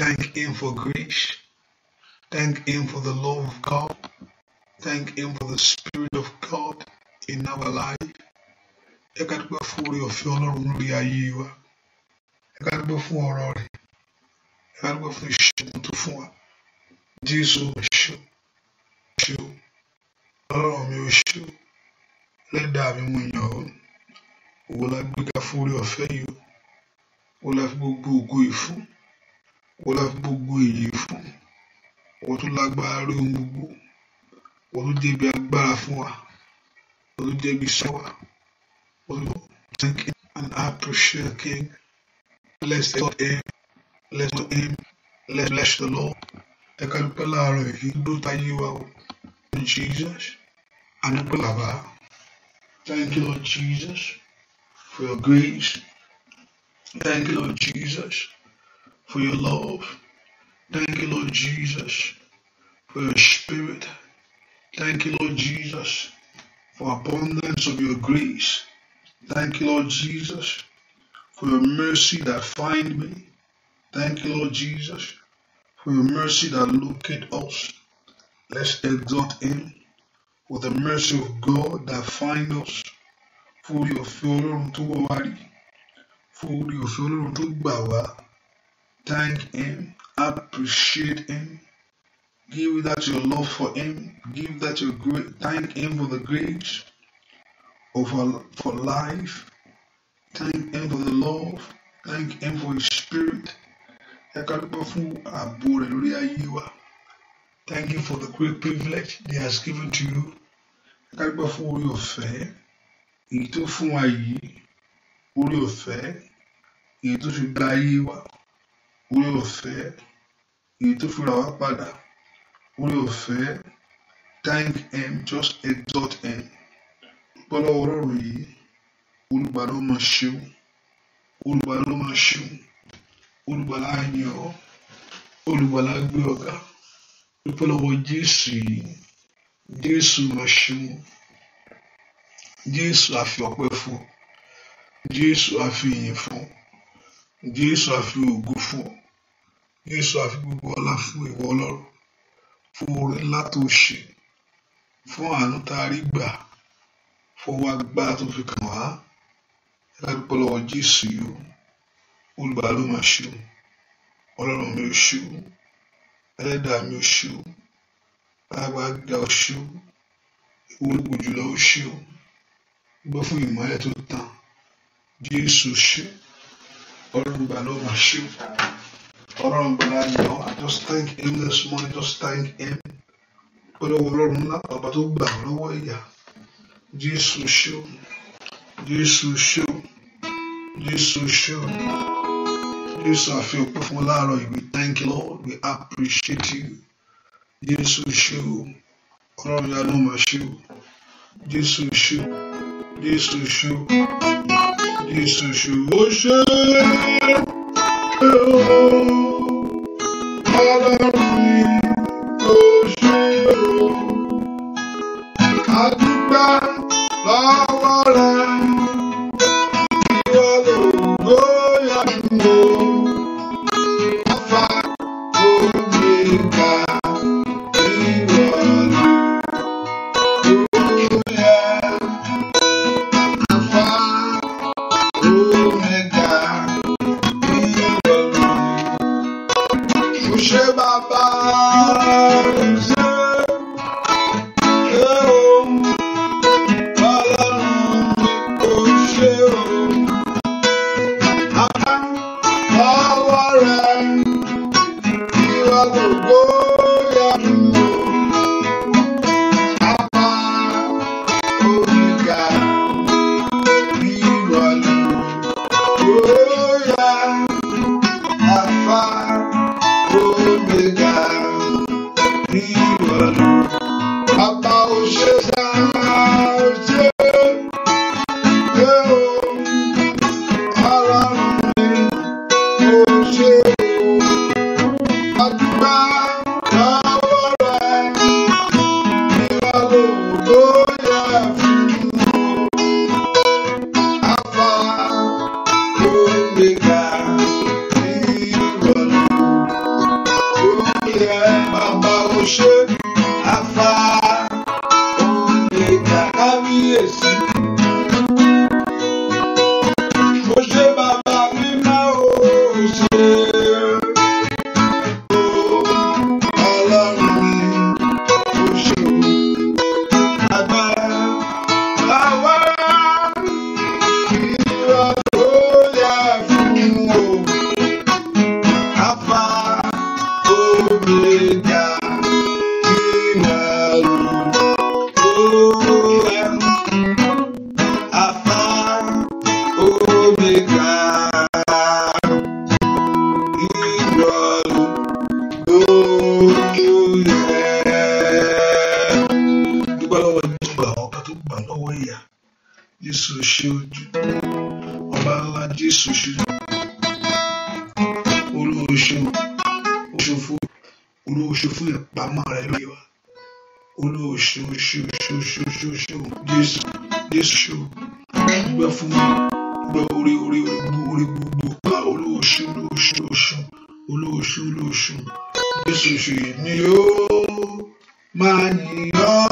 Thank Him for grace. Thank Him for the love of God. Thank Him for the Spirit of God in our life. Ẹ ká dúpẹ́ fún orí ọ̀fẹ́ Ọlọ́run lórí ayé wa. Ẹ ká dúpẹ́ fún ọ̀rọ̀ rẹ̀. Ẹ ká dúpẹ́ fún ìṣẹ́gun tó fún wa. Jésù ṣe ṣe o. Ọlọ́run mi ò ṣe o. Lẹ́dàá mi mo yàn ọ́. Òwò la gbéga fún orí ọ̀fẹ́ yìí o. Òwò la fi gbogbo ògo yìí fún. Ìwọ la fi gbogbo èyí fún. Ìwọ tó lágbára lórí ohun gbogbo. Ìwọ tó jẹ́ agbára fún wa. Ìwọ tó jẹ́ ibi sọ́ wa. thank you and I appreciate King. Let's exalt him. Let's exalt him. Let's bless the Lord. Ẹ ká dúpẹ́ láàárọ̀ yìí ló táyé wa o. In Jesus, a dúpẹ́ Thank you Lord Jesus for your grace. Thank you Lord Jesus. for your love. Thank you, Lord Jesus, for your spirit. Thank you, Lord Jesus, for abundance of your grace. Thank you, Lord Jesus, for your mercy that find me. Thank you, Lord Jesus, for your mercy that locate us. Let's exalt him for the mercy of God that find us. For your Ọlọ́run tó our body. For your ọ̀fẹ́ Ọlọ́run tó Thank Him. Appreciate Him. Give that your love for Him. Give that your great. Thank Him for the grace of our, for life. Thank Him for the love. Thank Him for His Spirit. Thank you for the great privilege He has given to you. Kárípẹ́ fún orí ọ̀fẹ́ èyí tó fún wa yìí orí ọ̀fẹ́ èyí tó fi gba ayé wa orí ọ̀fẹ́ èyí tó fi ra wá padà orí ọ̀fẹ́ thank him just exalt him gbọ́dọ̀ ọlọ́run yìí olùgbàlà ó máa ṣeun olùgbàlà ó máa ṣeun olùgbàlà á yàn ọ́ olùgbàlà á gbé ọ̀gá lọ́pọ̀lọpọ̀ jésù yìí jésù máa ṣeun jésù àfi ọpẹ́ fún jésù àfi ìyìn fún jésù àfi ògo fún ọ jésù àfi gbogbo ọlá fún ìwọ ọlọ́run fún oore ńlá tó ṣe fún àánú tá a rí gbà fọwọ́ agbára tó fi kàn wá ẹ̀ka dúpẹ́ lọ́wọ́ jésù yìí olùbàá ló máa ṣe ọlọ́run mi ò ṣe ẹlẹ́dàá mi ò ṣe alágbára ò ṣe ìwúlò jùlọ ó ṣe gbọ́ fún ìmọ́lẹ̀ tó tàn jésù ṣe. Ọlọ́run gbà ló máa ṣe Ọlọ́run gbà láàyè ọ I just thank him this morning just thank him olówó Ọlọ́run ńlá ọba tó gbà lọ́wọ́ ìyà Jesus, Jesus, Jesus, Jesus. Jésù ṣó Jésù àfi òpin fún láàárọ̀ yìí we thank you Lord we appreciate you Jesus, ṣó Ọlọ́run Jesus, Jesus. máa ṣó Jésù ṣó Jésù ṣó. Ìṣùṣù ó ṣe é o, ọlọ́run mi ó ṣe o, ṣe. lóṣù lóṣù lóṣooṣù ni yóò máa yìn ọ́.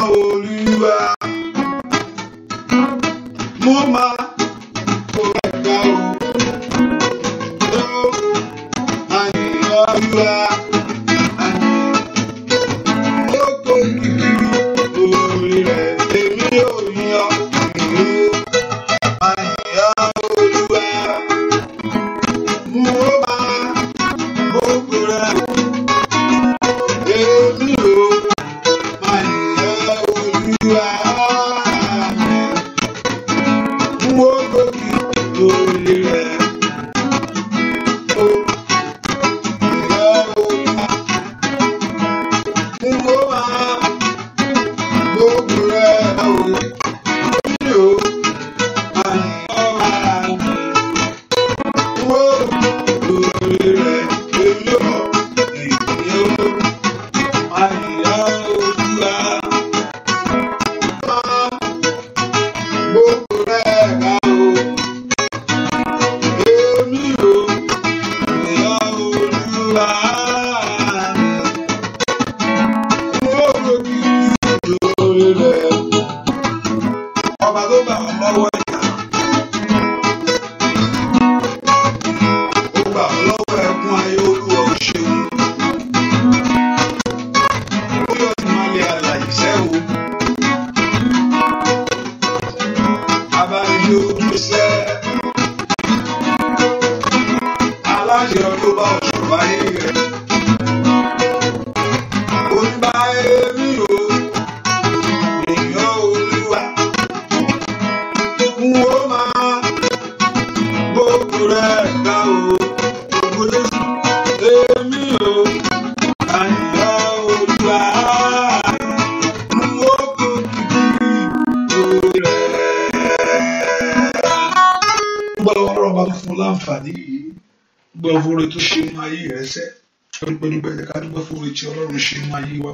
ṣẹ́nu ayé wa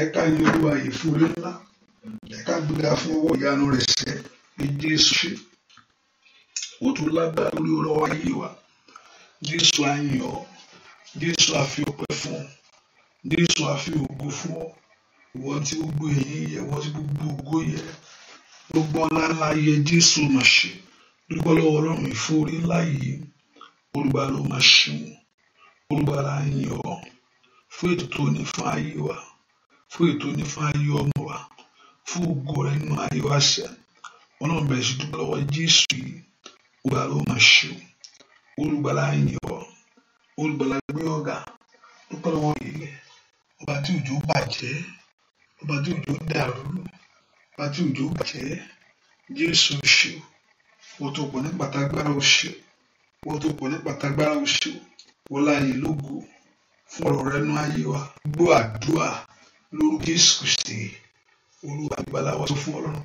ẹ̀ka ilé olúwa yìí fún orí ńlá ẹ̀ka gbéga fún ọwọ́ ìyanu rẹ̀ sẹ́ Jésù ṣe ó tún lágbára lórí ọlọ́wọ́ ayé wa Jésù àyìn ọ́ Jésù àfi ọpẹ́ fún ọ Jésù àfi ògo fún ọ ìwọ tí gbogbo èyí yẹ ìwọ tí gbogbo ògo yẹ gbogbo ọlá ńlá yẹ Jésù mà ṣe dúpẹ́ lọ́wọ́ Ọlọ́run ìfún ńlá yìí olùgbàlà mà ṣe wọn olùgbàlà àyìn fún ètò tó ní fún ayé wa fún ètò ní fún ayé ọmọ wa fún ògo rẹ nínú ayé wa sẹ ọlọ́run bẹ̀rẹ̀ sí dúpẹ́ lọ́wọ́ jésù yìí olùgbà ló máa ṣe o olùgbàlà yìn ọ́ olùgbàlà gbé ọ̀gá dúpẹ́ lọ́wọ́ ilẹ̀ ọba tí òjò bàjẹ́ ọba tí òjò dàrú ọba tí òjò bàjẹ́ jésù ṣe wọ́n tó pọ̀ ní pàtàgbára oṣù wọ́n tó pọ̀ ní pàtàgbára oṣù wọ́n láàyè lógo fún ọ̀rọ̀ rẹ nú ayé wa gbọ́ àdúrà lórúkọ Jésù Kristi olúwa ìgbàláwa tó fún ọlọ́run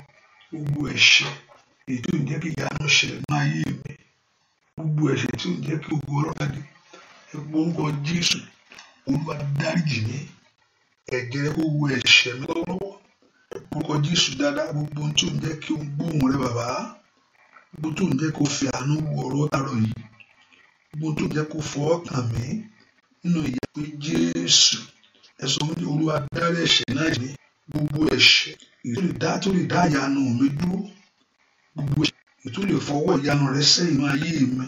gbogbo ẹ̀ṣẹ̀ ètò ìjẹ́ kí ìyanu ṣẹlẹ̀ nú ayé mi gbogbo ẹ̀ṣẹ̀ tí ò jẹ́ kí gbogbo ọ̀rọ̀ jáde ẹ gbórúkọ Jésù olúwa dáríjì mi ẹ̀jẹ̀ rẹ kó mi lọ́wọ́lọ́wọ́ ẹ gbórúkọ Jésù dáadáa gbogbo tí ò jẹ́ kí n gbóhùn rẹ bàbá gbogbo tó ń jẹ́ kó fi àánú wọ ọ̀rọ̀ àárọ̀ yìí gbogbo tó ń jẹ́ kó fọwọ́ kàn mí nínú ìyà pé Jésù ẹ sọ wípé Olúwa dárí ẹ̀ṣẹ̀ náà jì mí gbogbo ẹ̀ṣẹ̀ tó lè dá ìyanu mi dúró gbogbo ẹ̀ṣẹ̀ tó lè fọwọ́ ìyanu rẹ sẹ́yìn ayé mi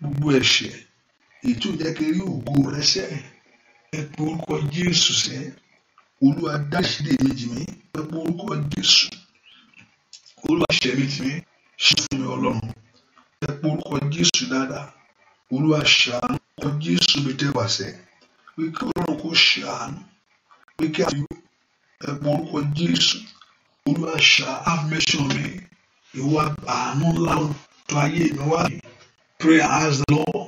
gbogbo ẹ̀ṣẹ̀ ètò jẹ́ kí n rí ògo rẹ sẹ́yìn ẹ pe orúkọ Jésù sẹ́ Olúwa dá ìṣẹ̀lẹ̀ mi jì mí ẹ pe orúkọ Jésù Olúwa ṣẹ̀ mi jì mí ṣe fún mi Ọlọ́run ẹ pe orúkọ Jésù dáadáa olúwa ṣàánú ọkọ jésù bí tẹ́wà sẹ́ pé kí ọlọ́run kó ṣàánú pé kí àfi ẹ̀pọ̀ orúkọ jésù olúwa ṣá have mercy on me ńlá tó ayé mi wá mi pray as the lord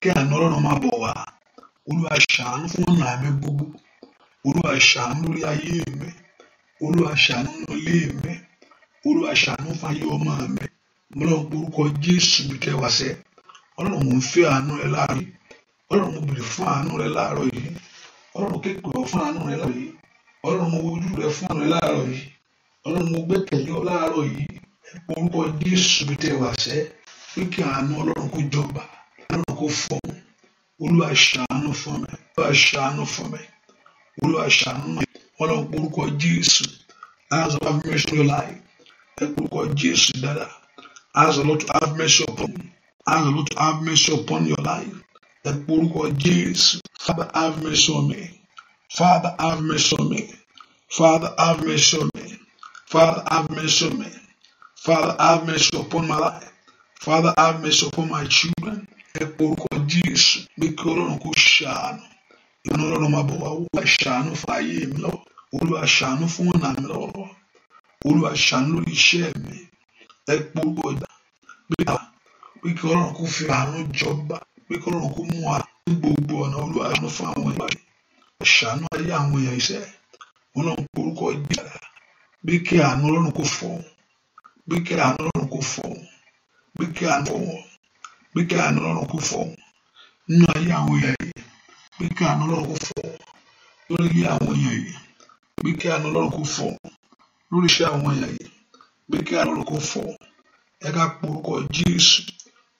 kí àná ọlọ́run máa bọ̀ wá olúwa ṣàánú fún ọ̀nà mi gbogbo olúwa ṣàánú lórí ayé mi olúwa ṣàánú lórí ilé mi olúwa ṣàánú fún ayé ọmọ mi mọ́lọ́ orúkọ jésù bí tẹ́wà ọlọ́run mo ń fẹ́ àánú rẹ láàárọ̀ yìí ọlọ́run mo bèrè fún àánú rẹ láàárọ̀ yìí ọlọ́run kékeré fún àánú rẹ láàárọ̀ yìí ọlọ́run mo wojú rẹ fún àánú rẹ láàárọ̀ yìí ọlọ́run mo gbẹ́kẹ̀lé ọ láàárọ̀ yìí orúkọ jésù bí tẹ wà sẹ́ pé kí àánú ọlọ́run kó jọba ọlọ́run kó fọ́ mi olúwa ṣàánú fún mi olúwa ṣàánú fún mi olúwa ṣàánú mi ọlọ́run orúkọ jésù as of have mercy on your life orúkọ jésù dáadáa as the Lord have mercy upon you. Ask the Lord have mercy upon your life. that Ẹ God Jesus, Father, have mercy on me. Father, have mercy on me. Father, have mercy on me. Father, have mercy on me. Father, have mercy upon my life. Father, have mercy upon my children. Ẹ porúkọ Jésù pé kí Ọlọ́run kò ṣàánú. Ìnáwó Ọlọ́run máa bọ̀ wá Olúwa ṣàánú fún ayé mi lọ. Olúwa ṣàánú fún ọ̀nà mi lọ́wọ́. Olúwa ṣàánú lórí iṣẹ́ mi. Ẹ porúkọ ìgbà pé àwọn pé kí ọlọ́run kó fi àánú jọba pé kí ọlọ́run kó mú wa ní gbogbo ọ̀nà olúwaránú fún àwọn èèyàn rẹ̀ ṣàánú ayé àwọn èèyàn iṣẹ́ ọlọ́run kó orúkọ jíjà bí kí àánú ọlọ́run kó fọ̀ wọ́n bí kí àánú ọlọ́run kó fọ̀ wọ́n bí kí àánú fọ̀ wọ́n bí kí àánú ọlọ́run kó fọ̀ wọ́n nínú ayé àwọn èèyàn yìí bí kí àánú ọlọ́run kó fọ̀ wọ́n lórí ilé àwọn èèyàn yìí bí kí àánú ọlọ́run kó fọ̀ wọ́n lórí iṣẹ́ àwọn èèyàn yìí bí kí àánú ọlọ́run kó fọ̀ wọ́n ẹ ká pe Jésù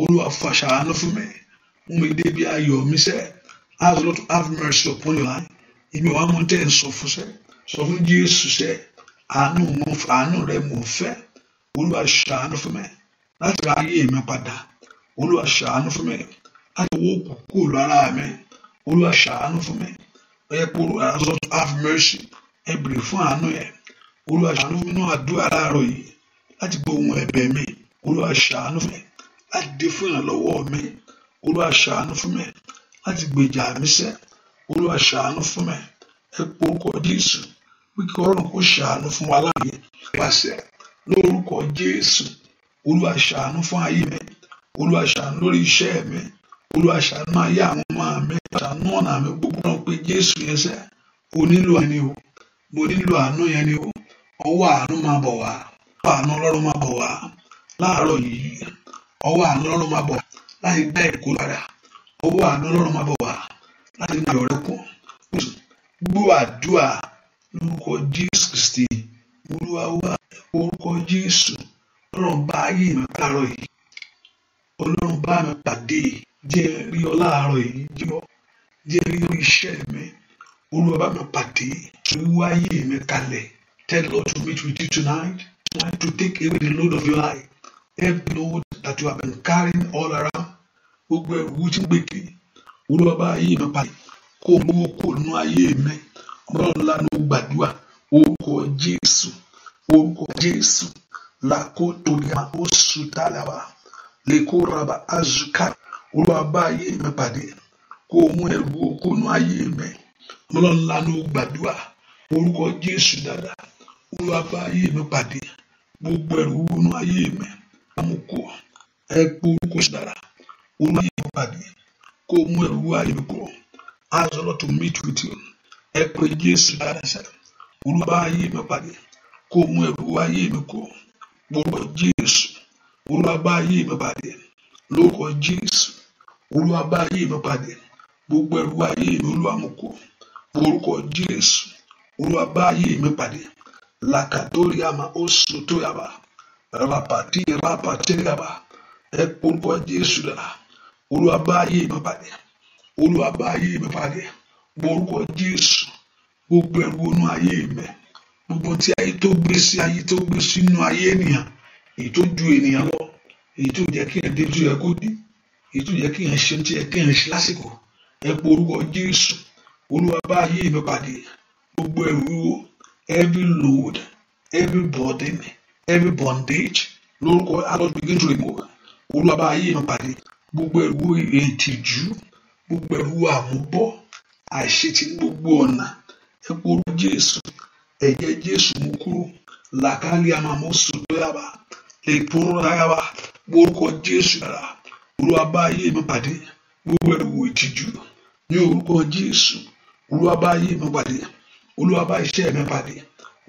olúwa fàṣàánú fún mi mú mi dé bí ayọ̀ mi sẹ́ ask Lord to have mercy upon your life èmi ò wá mọ tẹ́ ẹ̀ sọ fún sẹ́ sọ fún Jésù sẹ́ àánú mo àánú rẹ mo fẹ́ olúwa ṣàánú fún mi láti ra ayé mi padà olúwa ṣàánú fún mi láti wó kúkú lára mi olúwa ṣàánú fún mi ó yẹ kó ask Lord to have mercy ẹ bèrè Anu. àánú yẹn olúwa ṣàánú fún mi náà àdúrà láàárọ̀ yìí láti gbọ́ ohun ẹ̀bẹ̀ mi olúwa ṣàánú fún mi láti dé fún ìrànlọ́wọ́ mi Olúwa ṣàánú fún mi láti gbèjà mi sẹ́ Olúwa ṣàánú fún mi ẹ pé orúkọ Jésù pé Ọlọ́run kó ṣàánú fún wa láàyè pàṣẹ lórúkọ Jésù Olúwa ṣàánú fún ayé mi Olúwa ṣàánú lórí iṣẹ́ mi Olúwa ṣàánú ayé àwọn ọmọ mi ṣàánú ọ̀nà mi gbogbo náà pé Jésù yẹn sẹ́ o nílò ẹni o mo nílò àánú yẹn ni o ọwọ́ àánú máa bọ̀ wá àánú Ọlọ́run máa bọ̀ wá láàárọ̀ yìí ọwọ́ àánú Ọlọ́run máa bọ̀ láti gbá èkó padà ọwọ́ àánú Ọlọ́run máa bọ̀ wá láti gbé ọ̀rẹ́ pọ̀ gbọ́ àdúrà lórúkọ Jésù Kristi Olúwa wa orúkọ Jésù Ọlọ́run bá ayé mi pààrọ̀ yìí Ọlọ́run bá mi pàdé jẹ́ rí ọ láàárọ̀ yìí jọ jẹ́ rí iṣẹ́ mi Olúwa bá mi pàdé wíwá ayé mi kalẹ̀ tell Lord to meet with you tonight to take away the load of your life. every load that you have been carrying all around gbogbo ẹrù wútí gbèkè olúwa bá ayé mi parí kó o mú kó o nú ayé lánà ó gbàdúrà orúkọ jésù orúkọ jésù làkó azuka kó o mú ẹrù kó o nú ayé lánà ó gbàdúrà orúkọ jésù gbogbo ẹrù amòkò ẹ kú orúkọ ìṣẹ̀dára olú ayé mi pàdé kó mú ẹrú ayé mi kúrò ask the Lord to meet with you ẹ pé Jésù dáadáa olúwa ayé mi pàdé kó mú ẹrú ayé mi kúrò orúkọ Jésù olúwa bá ayé mi pàdé lórúkọ Jésù olúwa bá ayé mi pàdé gbogbo ẹrú ayé mi olúwa mú kó orúkọ Jésù olúwa bá ayé mi pàdé làkàtúrì àmà oṣù tó yàrá rapati rapatẹ́gàbà ẹ kórúkọ jésù là olúwa bá ayé bàbá rẹ olúwa bá ayé bàbá rẹ gbórúkọ jésù gbogbo ẹrù onú ayé mẹ gbogbo tí ayé tó gbé sí ayé tó gbé sínú ayé ènìyàn èyí tó ju ènìyàn lọ èyí tó jẹ kí ẹ dé tó yẹ kó dé èyí jẹ kí ẹ ṣe tó yẹ kí ẹ ṣe lásìkò ẹ pòrúkọ jésù olúwa bá ayé mi pàdé gbogbo ẹrù wíwo every load every burden every bondage lórúkọ alọ́ begin to remove olúwa bá ayé mi pàdé gbogbo ẹrù ìtìjú gbogbo ẹrù àmúbọ́ àìṣetì gbogbo ọ̀nà ẹ̀pọ̀ orú jésù ẹ̀jẹ̀ jésù mú kúrò làkàlì àmàmú sùdúràbà èpò rárá orúkọ jésù rárá olúwa bá ayé mi pàdé gbogbo ẹrù ìtìjú ní orúkọ jésù olúwa bá ayé mi pàdé olúwa bá iṣẹ́ mi pàdé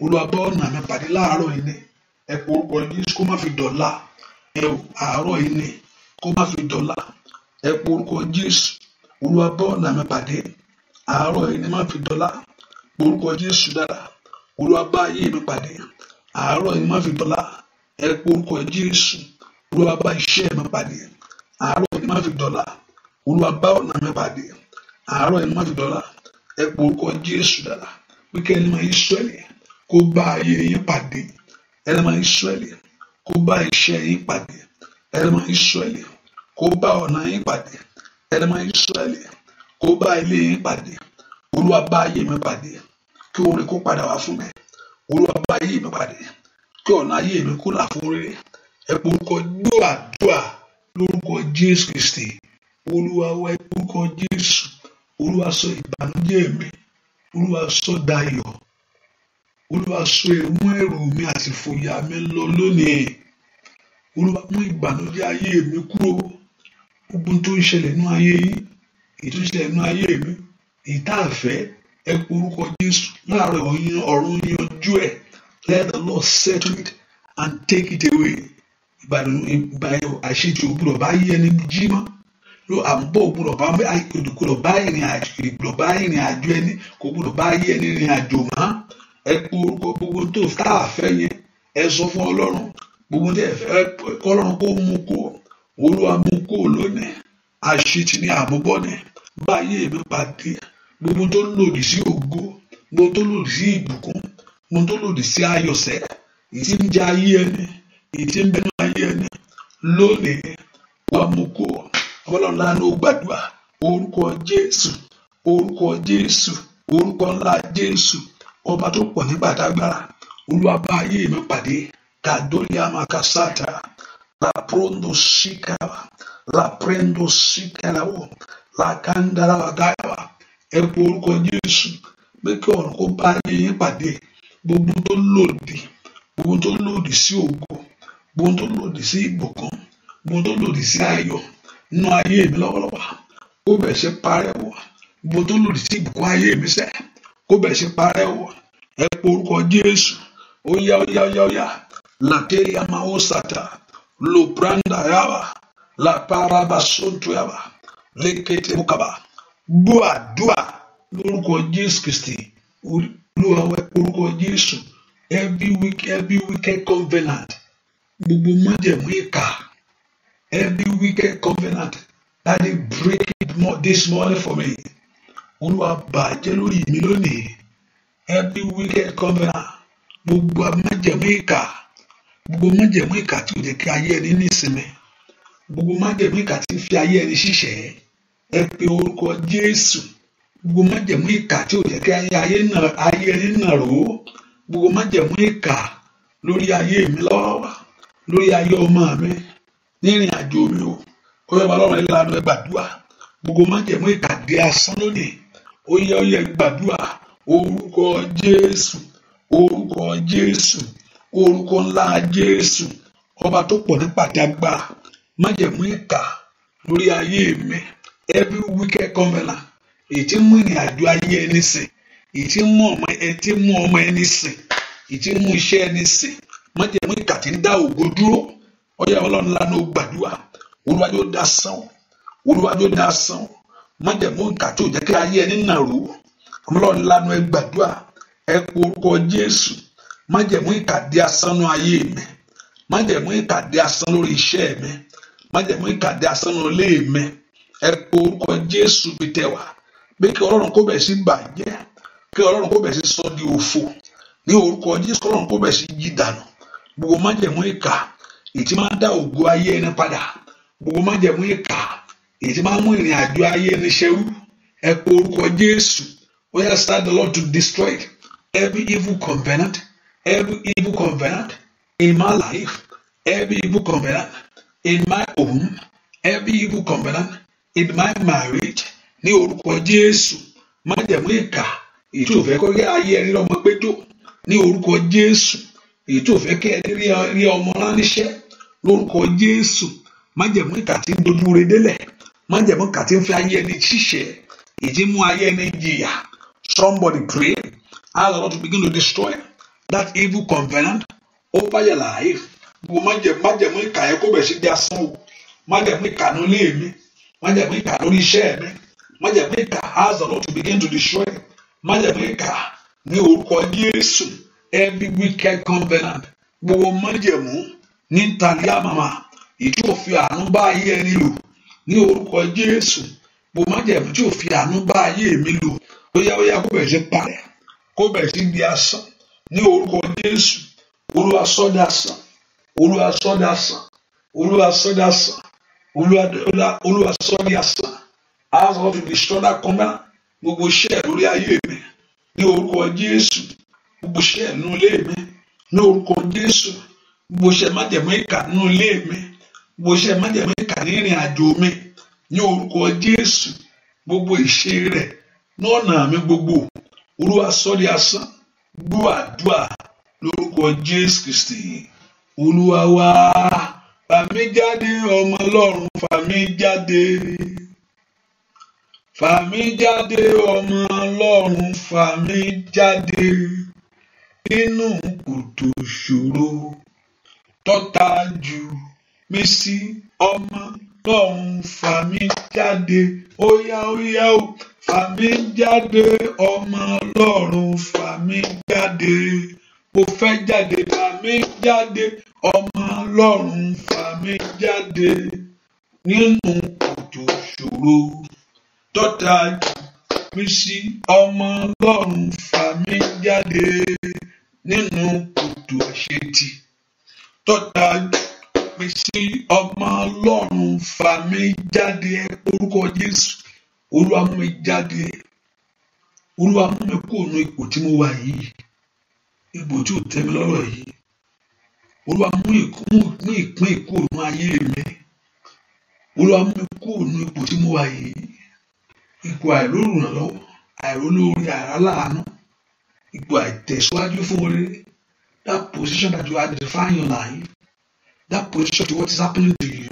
olúwa ọ̀nà mi pàdé láàárọ̀ yìí ẹ pé orúkọ Jésù kó má fi dọ̀la ẹ ò àárọ̀ yìí ni kó má fi dọ̀la ẹ pé orúkọ Jésù Olúwa bọ́ ọ̀nà mi pàdé àárọ̀ yìí ni má fi dọ̀la orúkọ Jésù dára Olúwa bá ayé mi pàdé àárọ̀ yìí má fi dọ̀la ẹ pé orúkọ Jésù Olúwa iṣẹ́ mi pàdé àárọ̀ yìí má fi dọ̀la Olúwa bá pàdé àárọ̀ yìí má fi dọ̀la ẹ orúkọ Jésù dára pé kẹ́ni máa yí sọ́ọ̀lì kó bá ayé yín pàdé ẹlẹ́mọ̀ Ísírẹ́lì kó bá iṣẹ́ yín pàdé ẹlẹ́mọ̀ Ísírẹ́lì kó bá ọ̀nà yín pàdé ẹlẹ́mọ̀ Ísírẹ́lì kó bá ilé yín pàdé Olúwa bá ayé mi pàdé kí orin kó padà wá fún mi Olúwa bá ayé mi pàdé kí ọ̀nà ayé mi kó là fún rere ẹ pé orúkọ dúà dúà lórúkọ Jésù Kristi Olúwa wá ẹ pé orúkọ Jésù Olúwa sọ ìbànújẹ́ mi Olúwa sọ dayọ̀ olúwa so ẹ̀mú ẹ̀rù mi àti ìfòyà mi lọ lónìí olúwa mú ìbànújẹ́ ayé mi kúrò gbogbo tó ń ṣẹlẹ̀ nú ayé yìí èyí tó nú ayé mi èyí tá orúkọ jésù láàárọ̀ ọ̀yin ọ̀run yanjú ẹ̀ let the lord settle it and take it away ìbàdàn ìbàyẹ̀wò àṣejù ògbúdọ̀ bá yí ẹni jí mọ́ ló àbúbọ̀ ògbúdọ̀ bá ògbúdọ̀ bá ìrìn àjò ìgbúdọ̀ bá ìrìn àjò ẹni kò gbúdọ̀ bá yí ẹni ìrìn àjò mọ́ ẹ kú orúkọ gbogbo tó tá a fẹ́ yẹn ẹ sọ fún ọlọ́run gbogbo tẹ́ ẹ fẹ́ kọ́lọ́run kó mú kó olúwa mú kó lónìí àṣetì ní àmúbọ́nì báyé mi pàdé gbogbo tó lòdì sí ògo gbogbo tó lòdì sí ìbùkún gbogbo tó lòdì sí ayọ̀sẹ̀ ìtí ń jẹ ayé ẹni ìtí ń bẹnu ayé ẹni lónìí wà mú kó ọlọ́run lánàá ó gbàdúrà orúkọ jésù orúkọ jésù orúkọ ńlá jésù ọba tó pọ̀ nígbà dágbára olúwàbá ayé mi pàdé kàdóríà màkàsáàtà làpróndò síkàwà làpréndò síkàwò làkàndàrà àgáyàwà ẹ pé orúkọ jésù pé kí ọ̀run kó bá ayé yín pàdé gbogbo tó lòdì gbogbo tó lòdì sí ògo gbogbo tó lòdì sí ìbùkún gbogbo tó lòdì sí ayọ̀ nínú ayé mi lọ́wọ́lọ́wọ́ ó bẹ̀ ṣe parẹ́ gbogbo tó lòdì sí ìbùkún ayé mi sẹ́ẹ̀ kó bẹ̀ sí parẹ́ o ẹ po orúkọ Jésù ó yá ó yá ó yá ó yá làkèrè àmàwò sàtà lò branda yàrá làpáraba sóńtò yàrá lẹ́kẹ̀tẹ̀ mọ́kàbà gbọ́ àdúrà lórúkọ Jésù Kristi olúwa wẹ orúkọ Jésù every week every wicked covenant gbogbo májẹ̀mú ìka every week covenant that dey break it this morning for me olúwa bàjẹ́ lórí mi lónìí every wicked governor gbogbo májẹ̀mú ìkà gbogbo májẹ̀mú ìkà tí ò jẹ́ kí ayé ẹni nísinmi gbogbo májẹ̀mú ìkà tí ń fi ayé ẹni ṣiṣẹ́ ẹ pe orúkọ jésù gbogbo májẹ̀mú ìkà tí ò jẹ́ kí ayé ẹni nàró gbogbo májẹ̀mú ìkà lórí ayé mi lọ́wọ́ lórí ayé ọmọ mi nírìn àjò mi o ó yẹ ẹ̀ lánàá ẹ̀ gbàdúrà gbogbo májẹ̀mú ìkà asán lónìí ó yẹ ó yẹ gbàdúrà orúkọ Jésù orúkọ Jésù orúkọ ńlá Jésù ọba tó pọ̀ ní pàdágbà májẹ̀mú ìkà lórí ayé mi every wicked covenant èyí tí ń mú ìrìn àjò ayé ẹni sìn èyí tí ń mú ọmọ ẹni tí ń mú ọmọ ẹni sìn èyí tí ń mú iṣẹ́ ẹni sìn májẹ̀mú ìkà tí ń dá ògo dúró ọyẹ Ọlọ́run lánàá ó gbàdúrà olúwa yóò dá sán olúwa yóò dá sán mọ́jẹ̀mú ìkà tí ò jẹ́ kí ayé ẹni nàró ọmọlọ́run lanu ẹ gbàdúrà ẹ kú orúkọ Jésù mọ́jẹ̀mú ìkà di asánú ayé mi mọ́jẹ̀mú ìkà di asán lórí iṣẹ́ mi mọ́jẹ̀mú ìkà di asán lórí ilé mi ẹ kú orúkọ Jésù bí tẹwà bí kí ọlọ́run kó bẹ̀ sí bàjẹ́ kí ọlọ́run kó bẹ̀ sí sọ di òfo ní orúkọ Jésù kí ọlọ́run kó bẹ̀ sí yí dànù gbogbo májẹ̀mú ìkà ìtì èyí tí máa ń mú ìrìn àjò ayé ní ṣerú ẹ pe orúkọ Jésù ó yá start the Lord to destroy every evil covenant every evil covenant in my life every evil covenant in my home every evil covenant in my marriage ní orúkọ Jésù májẹ̀mú ìkà èyí tó fẹ́ kó rí ayé ẹni lọ́mọ péjọ ní orúkọ Jésù èyí tó fẹ́ kí ẹni rí ọmọ ránníṣẹ́ lórúkọ Jésù májẹ̀mú ìkà tí ń dojú rẹ̀ délẹ̀ májẹ̀mú kàtí ń fi ayé ẹni ṣíṣe ìdí mú ayé ẹni jìyà somebody pray ask the Lord to begin to destroy that evil covenant over your life gbogbo májẹ̀mú májẹ̀mú ìkà yẹn kó bẹ̀rẹ̀ sí di asán o májẹ̀mú ìkà ní ilé mi májẹ̀mú ìkà lórí iṣẹ́ mi májẹ̀mú ìkà ask the Lord to begin to destroy májẹ̀mú ìkà will call Jesus every wicked covenant gbogbo májẹ̀mú ní ntàlẹ́ àmàmà ìtú òfin àánú bá ayé ẹni You ní orúkọ Jésù mo má jẹ̀mú tí ò fi àánú bá ayé mi lò ó yá ó yá kó bẹ̀rẹ̀ sí parẹ́ kó bẹ̀rẹ̀ sí di asán ní orúkọ Jésù Olúwa sọ́ dasán Olúwa sọ́ dasán Olúwa sọ́ dasán Olúwa sọ́ dasán house of the stronger command gbogbo iṣẹ́ lórí ayé mi ní orúkọ Jésù gbogbo iṣẹ́ nínú ilé mi ní orúkọ Jésù gbogbo iṣẹ́ májẹ̀mú ìkà nínú mi mo ṣe májẹ̀mú ìkà ní ìrìn àjò mi ní orúkọ Jésù gbogbo ìṣe rẹ̀ ní ọ̀nà mi gbogbo Olúwa sọ asán gbọ́ àdúrà lórúkọ Jésù Kristi Olúwa wa fà mí jáde ọmọ Ọlọ́run fà mí jáde fà mí jáde ọmọ Ọlọ́run fà jáde nínú kòtò ṣòro tọ́ta jù mí sí ọmọ lọ́run fà mí jáde óyá óyá ó fà mí jáde ọmọ lọ́run fà mí jáde mo fẹ́ jáde fà mí jáde ọmọ lọ́run fà mí jáde nínú òjò ṣòro tọ́ta mi sí ọmọ ọlọ́run fà mí jáde nínú kòtò àṣetì tọ́ta jù pè sí ọmọ ọlọ́run fà mí jáde ẹ orúkọ jésù olúwa mú mi jáde ẹ olúwa mú mi kúrò ní ipò tí mo wà yìí ipò tí ò tẹ́ lọ́rọ̀ yìí olúwa mú ìpín ìkúrò ní ayé mi olúwa mú mi kúrò ní ipò tí mo wà yìí ipò àìlórùnlọ́wọ́ àìrólórí àràláàánú ipò àìtẹ̀síwájú fún orí that position that you identify in your life that position to what is happening to you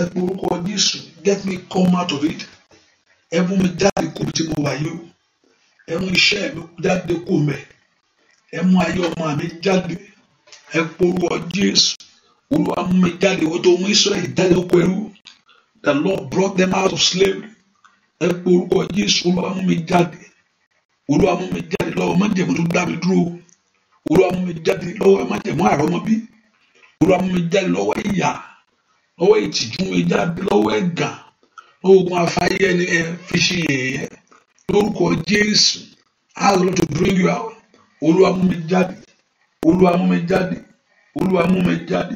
ẹ pé orúkọ Jésù get me come out of it ẹ mú mi jáde kúrò tí mo wà yìí o ẹ mú iṣẹ́ mi jáde kúrò mẹ́ ẹ mú ayé ọmọ mi jáde ẹ pé orúkọ Jésù Olúwa mú mi jáde wọ́n tó mú Israẹli jáde ó pẹ̀lú the Lord brought them out of slavery ẹ pé orúkọ Jésù Olúwa mú mi jáde Olúwa mú mi jáde lọ́wọ́ májẹ̀mú tó dá mi dúró Olúwa mú mi jáde lọ́wọ́ májẹ̀mú àrọ́mọbí olúwa mú mi jáde lọ́wọ́ ìyà lọ́wọ́ ìtìjú mú mi jáde lọ́wọ́ ẹ̀gàn lọ́wọ́ ogun afáyé ẹni ẹ fi ṣe yẹ̀yẹ́ lórúkọ jésù ask God to bring you out olúwa mú mi jáde olúwa mú mi jáde olúwa mú mi jáde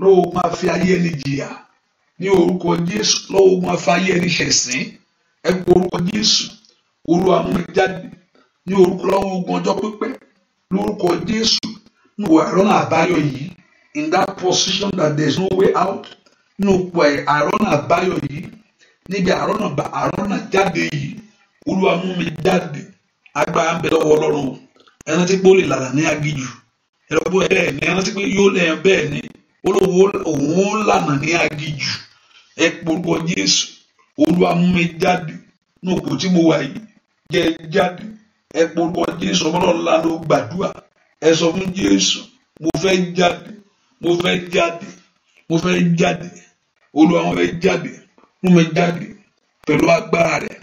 lọ́wọ́ ogun afáyé ẹni jìyà ní orúkọ jésù lọ́wọ́ ogun afáyé ẹni ṣẹ̀sín ẹ kú orúkọ jésù olúwa mú mi jáde ní orúkọ lọ́wọ́ ogun ọjọ́ pípẹ́ lórúkọ jésù ní ìwà ìrọ́nà àbáyọ yìí in that position that there is no way out nínú ipò àrọ́nà àbáyọ yìí níbi àrọ́nà àrọ́nà jáde yìí olúwa mú mi jáde agbára ń bẹ lọ́wọ́ ọlọ́run ẹran tí pé ó lè lànà ní agíjù ẹran pé bẹ́ẹ̀ ni ẹran tí pé yóò lẹ́yìn bẹ́ẹ̀ ni olówó òun ó lànà ní agíjù ẹ porúkọ jésù olúwa mú mi jáde ní òkú tí mo wà yìí jẹ́ jáde ẹ porúkọ jésù ọmọlọ́run lánàá gbàdúrà ẹ sọ fún jésù mo fẹ́ jáde mo fẹ́ jáde mo fẹ́ jáde olúwa mo fẹ́ jáde mo fẹ́ jáde pẹ̀lú agbára rẹ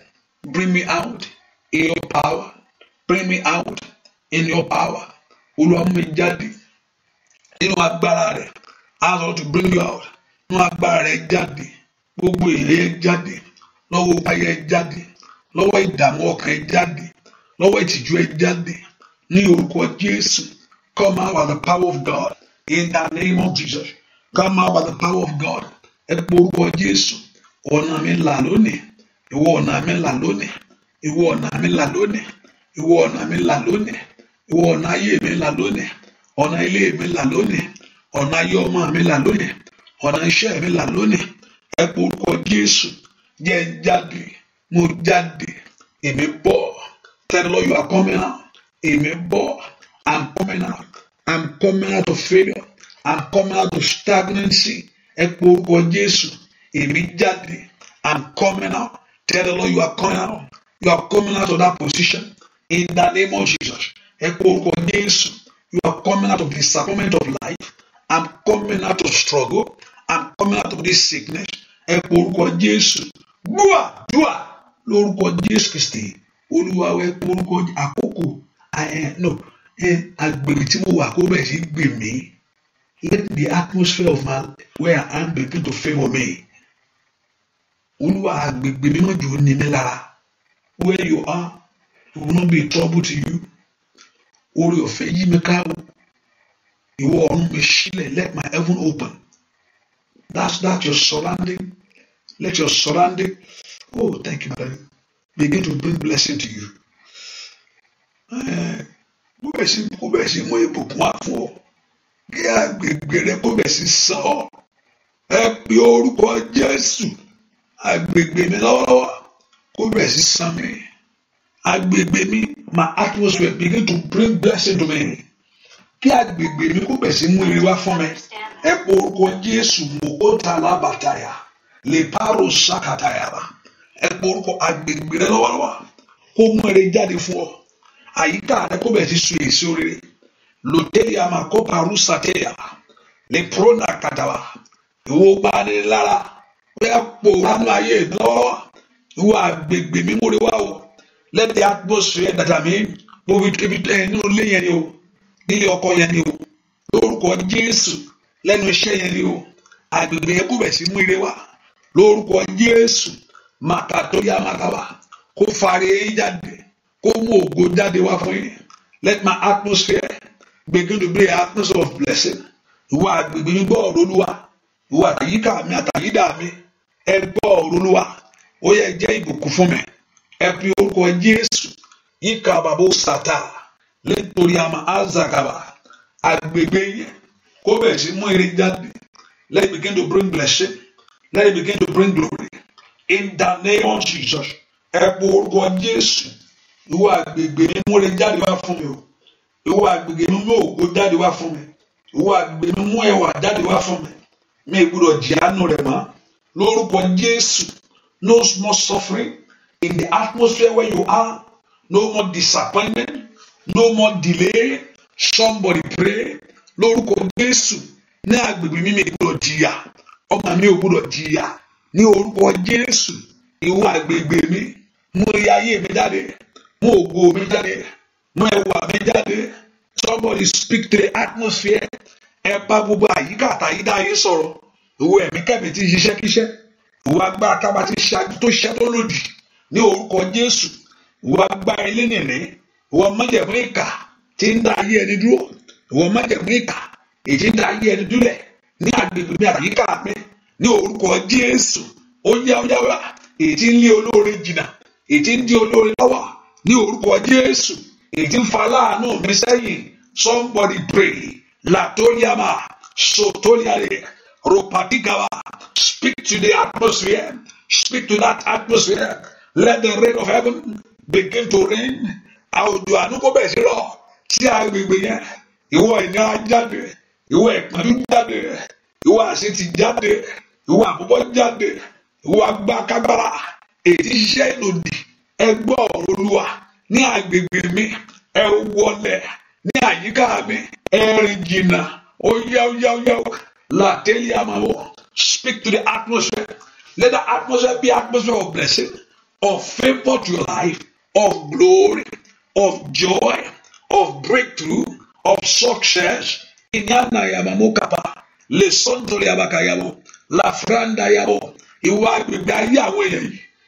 bring me out in your power bring me out in your power olúwa mo fẹ́ jáde nínú agbára rẹ ask God to bring you out nínú agbára rẹ jáde gbogbo èlé jáde lọ́wọ́ ayé jáde lọ́wọ́ ìdààmú ọkàn jáde lọ́wọ́ ìtìjú jáde ní orúkọ Jésù come out by the power of God. in the name of Jesus come out by the power of God ẹ pé orúkọ Jésù ọ̀nà mi là lónìí ìwọ ọ̀nà mi là lónìí ìwọ ọ̀nà mi là lónìí ìwọ ọ̀nà mi là lónìí ìwọ ọ̀nà ayé mi là lónìí ọ̀nà ilé mi là lónìí ọ̀nà ayé ọmọ mi là lónìí ọ̀nà iṣẹ́ mi là lónìí ẹ pé orúkọ Jésù jẹ́ ń jáde mo jáde èmi bọ̀ tell the Lord you are coming out èmi bọ̀ I'm coming out. I'm coming out of failure. I'm coming out of stagnancy. Ẹ pe orúkọ Jésù. Èmi jáde. I'm coming out. Tell the Lord you are coming out. You are coming out of that position. In the name of Jesus. Ẹ pe orúkọ Jésù. You are coming out of disappointment of life. I'm coming out of struggle. I'm coming out of this sickness. Ẹ pe orúkọ Jésù. Gbúà dúà lórúkọ Jésù Kristì. Olúwa ẹ pe orúkọ àkókò. No agbègbè tí mo wà kó bẹ̀rẹ̀ sí gbè mí let the atmosphere of my where I am begin to favour me olúwa agbègbè mímọ́ jù ní mi lára where you are it will not be trouble to you orí ọ̀fẹ́ yí mi ká ìwọ ọ̀run mi sílẹ̀ let my heaven open that's that your surrounding let your surrounding oh thank you my darling begin to bring blessing to you. Uh, kó bẹ̀ sí kó bẹ̀ sí mú ìbùkún wá fún ọ kí agbègbè rẹ kó bẹ̀ sí sàn ọ ẹ pe orúkọ Jésù agbègbè mi lọ́wọ́lọ́wọ́ kó bẹ̀ sí sàn mi agbègbè mi my atmosphere begin to bring blessing to me kí agbègbè mi kó bẹ̀ sí mú ire wá fún mi ẹ pe orúkọ Jésù mú ó ta alábàtàyà lè pààrọ̀ sàkàtàyà ẹ pe orúkọ agbègbè rẹ lọ́wọ́lọ́wọ́ kó mú ire jáde fún ọ àyíká rẹ kó bẹ̀rẹ̀ sí so èso rere lòtẹ́lì àmàkópa rúṣàtẹ́yà lè prona kàdàwà ìwọ gbanilára bóyá pòránù ayé lọ́wọ́ ìwọ àgbègbè mímúre wá o let the atmosphere dàdà mí bóbi kébi nínú ilé yẹn ni o nílé ọkọ yẹn ni o lórúkọ Jésù lẹ́nu iṣẹ́ yẹn ni o àgbègbè yẹn kó bẹ̀rẹ̀ sí mú ire wá lórúkọ Jésù màkàtóyà màkàwà kó fari jáde kó mú ògo jáde wá fún yín let my atmosphere begin to be an atmosphere of blessing ìwà agbègbè mi gbọ́ ọ̀rọ̀ olúwa ìwà àtàyíká mi àtàyídà mi ẹ gbọ́ ọ̀rọ̀ olúwa ó yẹ jẹ́ ìbùkún fún mi ẹ fi orúkọ jésù yíká bàbá sàtà nítorí àmà azàkàbà agbègbè yẹn kó bẹ̀rẹ̀ sí mú eré jáde let it begin to bring blessing let it begin to bring glory in the name of Jesus ẹ pọ orúkọ jésù ìwọ àgbègbè mi mú rẹ jáde wá fún mi o ìwọ àgbègbè mi mú ògo jáde wá fún mi ìwọ àgbègbè mi mú ẹwà jáde wá fún mi mi gbọ́dọ̀ jìyànú rẹ mọ́ lórúkọ Jésù no more suffering in the atmosphere where you are no more disappointment no more delay somebody pray lórúkọ Jésù ní àgbègbè mi mi gbọ́dọ̀ jìyà ọmọ mi ò gbọ́dọ̀ jìyà ní orúkọ Jésù ìwọ àgbègbè mi mú rí ayé mi jáde mú ògo mi jáde mú ẹwà mi jáde somebody speak to the atmosphere ẹ bá gbogbo àyíká ẹ̀mí kẹ́mi ti ṣiṣẹ́ kíṣẹ́ ìwọ agbára tába ti ṣáájú tó ṣẹ́ tó lòdì ní orúkọ Jésù agbára ilé nìní ń ayé ẹni dúró ń ayé ẹni dúlẹ̀ ní agbègbè mi àyíká ní orúkọ Jésù ètí ń fa láàánú mi sẹ́yìn somebody pray latoliama sotoliare ropatigaba speak to the atmosphere speak to that atmosphere let the rain of heaven begin to rain àwùjọ ànúkọ bẹ́ẹ̀ sí lọ sí agbègbè yẹn ìwọ ìnira jáde ìwọ ìpọ́njú jáde ìwọ àṣetì jáde ìwọ àbúbọ jáde ìwọ agbákagbára èyí ṣiṣẹ́ ìlòdì ẹ gbọ́ ọ̀rọ̀ olúwa ní agbègbè mi ẹ wọlé ní àyíká mi ẹ rìn jìnnà ó yá ó yá ó yá speak to the atmosphere let the atmosphere be atmosphere of blessing of favour to your life of glory of joy of breakthrough of success ìyáàna yàmàmú kapa lè sọ́ńtòrì àbàkà yàmú làfúràǹdà yàmú ìwà àgbègbè ayé àwọn èèyàn yìí.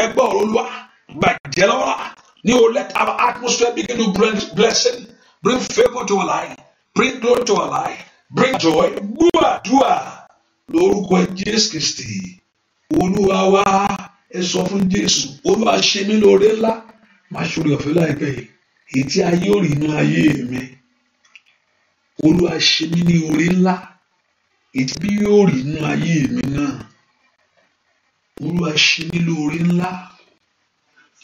ẹgbẹ́ ọ̀rọ̀ olúwa bàjẹ́ lọ́wọ́ ní o let our atmosphere begin to bring blessing bring favour to our life bring glory to our life bring joy gbúàdúà lórúkọ jésù kristi olúwa wá ẹ sọ fún jésù olúwa ṣe mí lóore ńlá má ṣòro ọ̀fẹ́ láìpẹ́ yìí èyí tí ayé ò rí inú ayé mi olúwa ṣe mí ní oore ńlá èyí bí yóò rí inú ayé mi náà olúwa ṣe mí lóore ńlá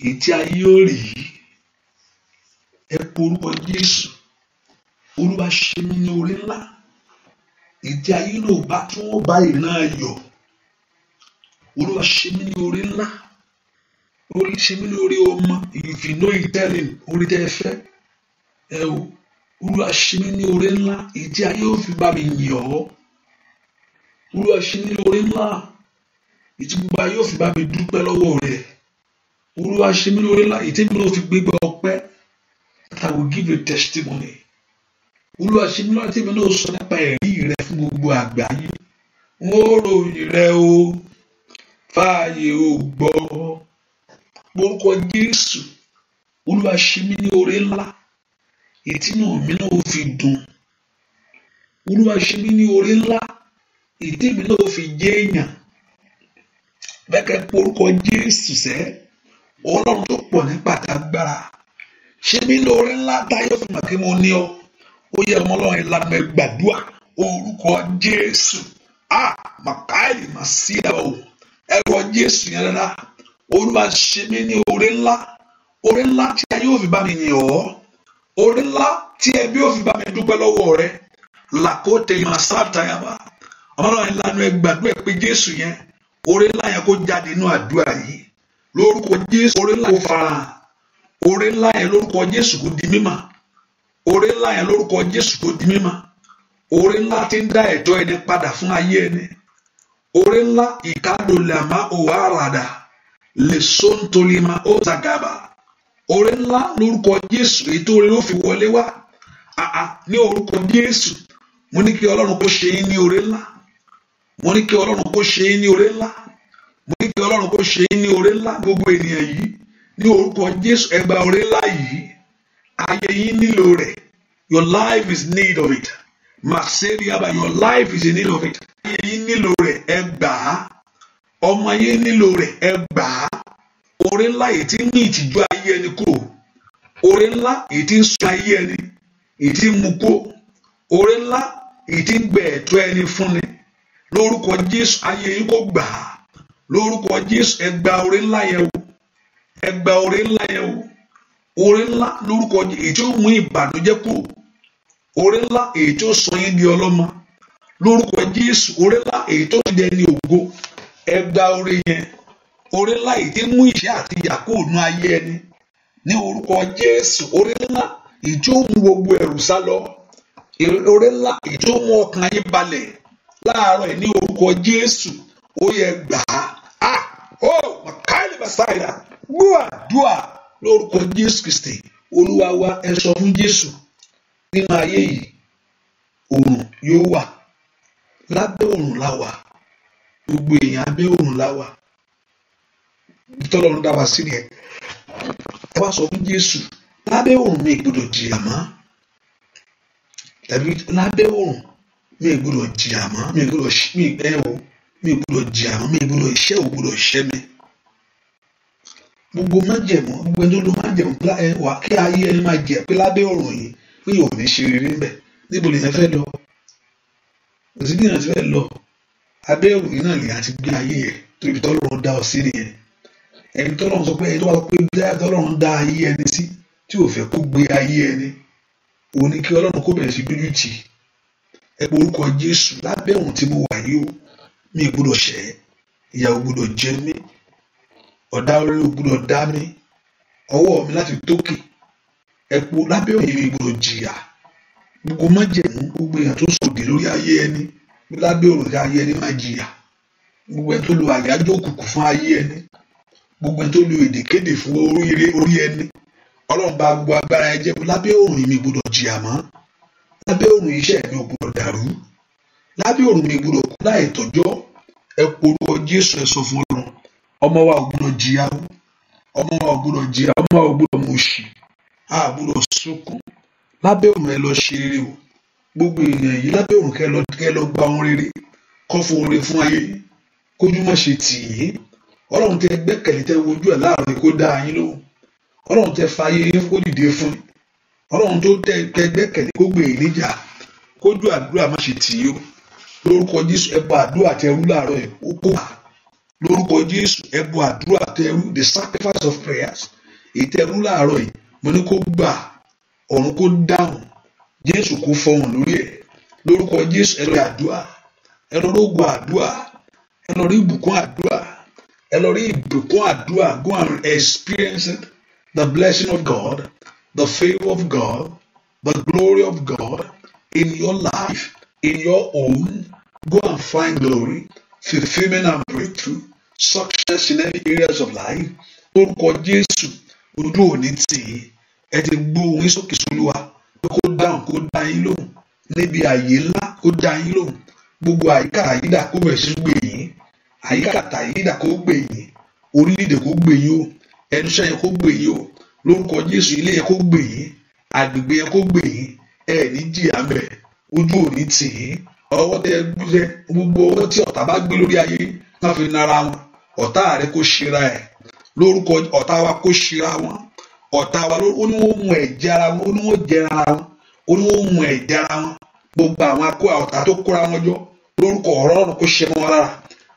èyí tí ayé ò rí ẹ porúkọ jésù olúwa ṣe mí ní oore ńlá èyí tí ayé ló bá tí wọn bá iná ayọ̀ olúwa ṣe mí ní oore ńlá orí ṣe mí lóore ọmọ if you orí tẹ fẹ́ ẹ o olúwa ṣe mí ní oore ńlá èyí tí ayé ò fi bá mi yàn ọ́ olúwa ṣe mí ní oore ńlá ìtí gbogbo ayé ò fi bá mi dúpẹ́ lọ́wọ́ rẹ̀ olúwa ṣe mí lórí ńlá ìtí mi ò fi gbégbá ọpẹ́ that I will give you testimony olúwa ṣe mí lórí ìtí mi ò sọ nípa ẹ̀rí rẹ fún gbogbo àgbáyé wọ́n ròyìn rẹ o fààyè ò gbọ́ orúkọ Jésù olúwa ṣe mí ní oore ńlá ètí náà mi ò fi dùn olúwa ṣe mí ní ńlá ètí mi ò fi jẹ́ èèyàn bẹ́kẹ́ porúkọ Jésù sẹ́ ọlọ́run tó pọ̀ nípa àtàgbára ṣé mi lóore ńlá táyé fún màkí mo ní ọ ó yẹ ọmọ ọlọ́run ìlànà ìgbàdúà orúkọ Jésù a màkàlì mà sí ẹ o ẹrọ Jésù yẹn rárá olúwa ṣe mí ní oore ńlá oore ńlá tí ayé òfin bá mi yìn ọ́ oore ńlá tí ẹbí òfin bá mi dúpẹ́ lọ́wọ́ rẹ làkóòtè ìmọ̀ sáà tayaba ọmọ ọlọ́run ìlànà ìgbàdúà pé Jésù yẹn oore ńlá yẹn kó jáde nínú àdúrà yìí lórúkọ jésù oore ńlá kó fara oore ńlá yẹn lórúkọ jésù kó di mímà oore ńlá yẹn lórúkọ jésù kó di mímà oore ńlá ti ń dá ẹ̀tọ́ ẹni padà fún ayé ẹni oore ńlá ìkádòlàmá òháràdà lè sóńtolímà ó zàgàbà oore ńlá lórúkọ jésù èyí tó ló fi wọlé wá ní orúkọ jésù mo ní kí ọlọ́run kó ṣe yín ní oore ńlá mo ní kí ọlọ́run kó ṣe é ní oore ńlá mo ní kí ọlọ́run kó ṣe é ní oore ńlá gbogbo ènìyàn yìí ní orúkọ jésù ẹ oore ńlá yìí ayé yín nílò rẹ̀ your life is need of it maseria but your life is in need of it ayé yín nílò rẹ̀ ẹ gbà á ọmọ ayé nílò rẹ̀ ẹ gbà á oore ńlá yìí ti ń ní ìtìjú ayé ẹni kúrò oore ńlá èyí tí ń sọ ayé ẹni èyí tí ń mú kó oore ńlá èyí tí ń gbẹ ẹ̀tọ́ ẹni fúnni lórúkọ Jésù ayé yín kò gbà á lórúkọ Jésù ẹ gba oore ńlá yẹn o ẹ gba ńlá yẹn o oore ńlá lórúkọ èyí tó mú ìbànújẹ́ kúrò oore ńlá èyí tó sọ yín di ọlọ́mọ lórúkọ Jésù oore ńlá èyí tó di ẹni ògo ẹ gba oore yẹn oore ńlá èyí tí mú ìṣẹ́ àti ìyà kúrò ayé ẹni ní orúkọ Jésù oore ńlá èyí tó mú gbogbo ẹ̀rù sá lọ oore ńlá èyí tó mú ọkàn ayé balẹ̀ láàárọ̀ ní orúkọ Jésù ó yẹ gbà á oh màkàlì bàṣáìdà gbúà dùà lórúkọ Jésù Kristi Olúwa wa ẹ sọ fún Jésù nínú ayé yìí òòrùn yóò wà lábẹ́ òòrùn láwa gbogbo èèyàn abẹ́ òòrùn láwa tọ́lọ́run dá wa sí nìyẹn ẹ wá sọ fún Jésù lábẹ́ òòrùn mi gbọ́dọ̀ jìyà mọ́ tàbí lábẹ́ òòrùn mi gbúdọ̀ jìyà mọ́ mi gbúdọ̀ mi ẹ o mi gbúdọ̀ jìyà mọ́ mi gbúdọ̀ iṣẹ́ ò gbúdọ̀ ṣẹ́ mi. gbogbo májẹ̀mọ́ gbogbo ẹni tó májẹ̀mọ́ wà kí ayé ẹni máa jẹ pé lábẹ́ ọ̀rọ̀ yìí pé yóò ní ṣe rere ńbẹ̀ níbo lèèyàn fẹ́ lọ kò sí bí èèyàn ti fẹ́ lọ abẹ́ ẹ̀rù yìí náà lèèyàn ti gbé ayé yẹn torí tọ́lọ́run dá ọ sí nìyẹn ẹni tọ́lọ́run sọ pé ẹni tó bá sọ pé tọ́lọ́run dá ayé ẹni sí tí ò fẹ́ kó gbé ayé ẹni òun ni kí ọlọ́run kó bẹ̀rẹ̀ sí dójú tì í ẹ pe orúkọ Jésù lábẹ́ ohun tí mo wà yìí o mi gbọ́dọ̀ ṣẹ̀ ìyà ò gbọ́dọ̀ jẹ mí ọ̀dà orí ò gbọ́dọ̀ dá mi ọwọ́ mi láti tókè ẹ pe lábẹ́ ohun mi gbọ́dọ̀ jìyà gbogbo májẹ̀mú gbogbo èèyàn tó sòdì lórí ayé ẹni lábẹ́ òrùn tí ayé ẹni máa jìyà gbogbo ẹni tó lo àyájọ́ òkùnkùn fún ayé ẹni gbogbo ẹni tó lo èdèkéde fún orí ẹni ọlọ́run bá gbogbo agbára ẹ jẹ́ lábẹ́ òrùn mi gbọ́dọ̀ jìyà mọ́ lábẹ́ òrùn iṣẹ́ mi ò gbọdọ̀ dàrú lábẹ́ òrùn mi gbọdọ̀ kú láì tọ́jọ́ ẹ porúkọ Jésù ẹ sọ fún Ọlọ́run ọmọ wa ò gbọdọ̀ jìyà ọmọ wa ò gbọdọ̀ jìyà ọmọ wa ò gbọdọ̀ mú òṣì a gbọdọ̀ sunkún lábẹ́ òrùn ẹ lọ ṣe rere o gbogbo ènìyàn yìí lábẹ́ òrùn kẹ lọ gba ohun rere kọ́ fún ohun fún ayé kójú má ṣe tì í Ọlọ́run tẹ gbẹ́kẹ̀lé tẹ wojú ẹ̀ láàrin kó dáa yín lóhùn Ọlọ́run tẹ fa ayé yín kó dìde fún yín ọlọ́run tó tẹ gbẹ́kẹ̀lé kó gbè é e níjà kójú àdúrà má ṣe tì í o lórúkọ jésù ẹbọ àdúrà tẹrú láàárọ̀ ẹ ó kó wà lórúkọ jésù ẹbọ àdúrà tẹrú the sacrifice of prayers ìtẹrú láàárọ̀ yìí mo ní kó gbà ọ̀run kó dáhùn jésù kó fọhùn lórí ẹ lórúkọ jésù ẹ lọ rí àdúrà ẹ lọ rí ogun àdúrà ẹ lọ rí ìbùkún àdúrà ẹ lọ rí ìbùkún àdúrà go and experience the blessing of God the favor of God, the glory of God in your life, in your own. Go and find glory, fulfillment and breakthrough, success in every areas of life. Orúkọ Jésù ojú òní tì í, ẹ ti gbó ohun sókè sólúwa pé kó dáhùn kó dá yín lóhùn níbi àyè ńlá kó dá yín lóhùn gbogbo àyíká àyídà kó bẹ̀rẹ̀ sí gbè yín àyíká àtàyídà kó gbè yín orílẹ̀-èdè kó gbè yín o ẹnu iṣẹ́ kó gbè yín o lórúkọ Jésù ilé yẹn kó gbè yín agbègbè yẹn kó gbè yín ẹ ní jìyà mẹ ojú ò ní tì yín ọwọ́ tẹ gbúdẹ gbogbo ọwọ́ tí ọ̀tá bá gbé lórí ayé wọn fi nara wọn ọ̀tá rẹ kó ṣera ẹ lórúkọ ọ̀tá wa kó ṣera wọn ọ̀tá wa ó ní wọn mú ẹ̀jẹ̀ ara wọn ó ní wọn jẹra ara wọn ó ní ara wọn gbogbo àwọn akó ọ̀tá tó kóra wọn jọ lórúkọ ọ̀rọ̀ ọ̀run ṣe wọn lára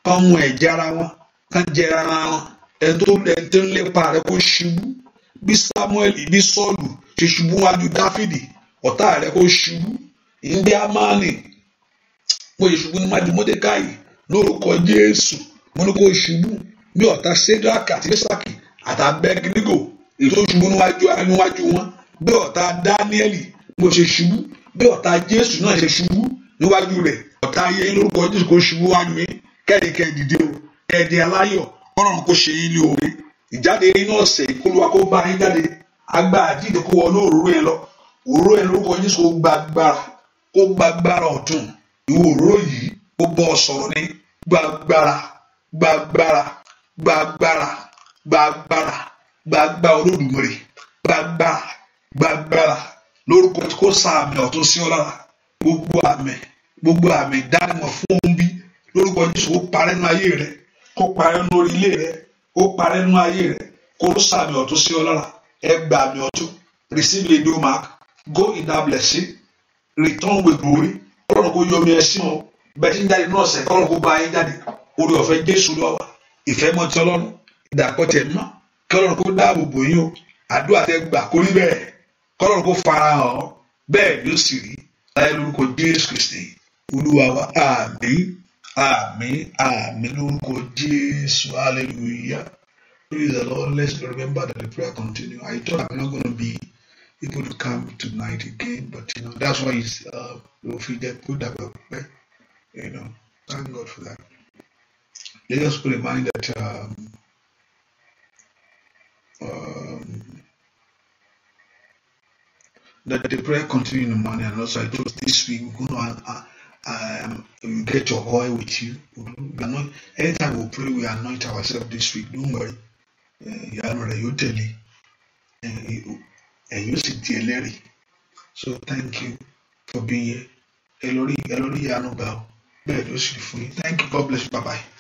kán mú ara wọn kán jẹra wọn ẹni tó ń lépa rẹ kó ṣubú bí Samuel bí Sọ́ọ̀lù ṣe ṣubú wájú Dáfídì ọ̀tá rẹ̀ kó ṣubú ìyẹn bí Amani mo ṣe ṣubú níwájú Mọ́dékáì lórúkọ Jésù mo ní kó ṣubú bí ọ̀tá Sédrak àti Mẹ́sàkì àtàbẹ́gídígò ètò ṣubú níwájú wọn bí ọ̀tá Dáníẹ́lì mo ṣe ṣubú bí ọ̀tá Jésù náà ṣe ṣubú níwájú rẹ̀ ọ̀tá ayé lórúkọ Jésù kó ṣubú wájú yín kẹ́ẹ̀dì kẹ́ẹ̀dì dé o kẹ́ẹ̀dì aláyọ̀ Ọlọ́run kó ṣe yín ní oore ìjáde inú ọ̀sẹ̀ ìkólúwa kó bá yín jáde agbá àjíǹde kó wọnú òróró yẹn lọ òróró yẹn lórúkọ Jésù kó gba agbára kó gba agbára ọ̀tun ìwọ òróró yìí kó bọ́ ọ sọ̀rọ̀ ní gba agbára gba agbára gba agbára gba agbára gba agbára Olódùmarè gba àmì ọ̀tun sí ọ lára gbogbo àmì gbogbo àmì ìdánimọ̀ fún ohun lórúkọ Jésù kó parẹ́ nu ayé rẹ kó parẹ́ nu orí rẹ ó parẹ́ nínú ayé rẹ̀ kó sàmì ọ̀tún sí ọlọ́ra ẹ gba àmì ọ̀tún receive a new mark go in that blessing return with glory ọlọ́run kò yọ omi ẹ sí wọn bẹ́ẹ̀ tí ń jáde náà sẹ̀ kọ́lọ́run kò bá ayé jáde orí ọ̀fẹ́ jésù lọ́wọ́ ìfẹ́ mọ́ ti ọlọ́run ìdàpọ̀ tẹ̀ mọ́ kọ́lọ́run kò dáàbò bò yín o àdúrà tẹ gbà kó rí bẹ́ẹ̀ kọ́lọ́run kò fara hàn bẹ́ẹ̀ ló sì rí láyé lórúkọ jésù kristi olúwa wa àmín. Àmín, àmín lórúkọ Jésù, hallelujah. Praise the Lord. Let's remember that the prayer continue. I thought I'm not going to be able to come tonight again, but you know that's why it's uh put up right? You know, thank God for that. Let us put in mind that um, um, that the prayer continue in the morning, and also I told this week we're going to uh, um, you get your oil with you. We are anytime we pray, we anoint ourselves this week. Don't worry. you are not a tẹ̀lé. And you see di ẹlẹ́rìí. So thank you for being here. Ẹ lọ rí Thank you. God bless you. Bye bye.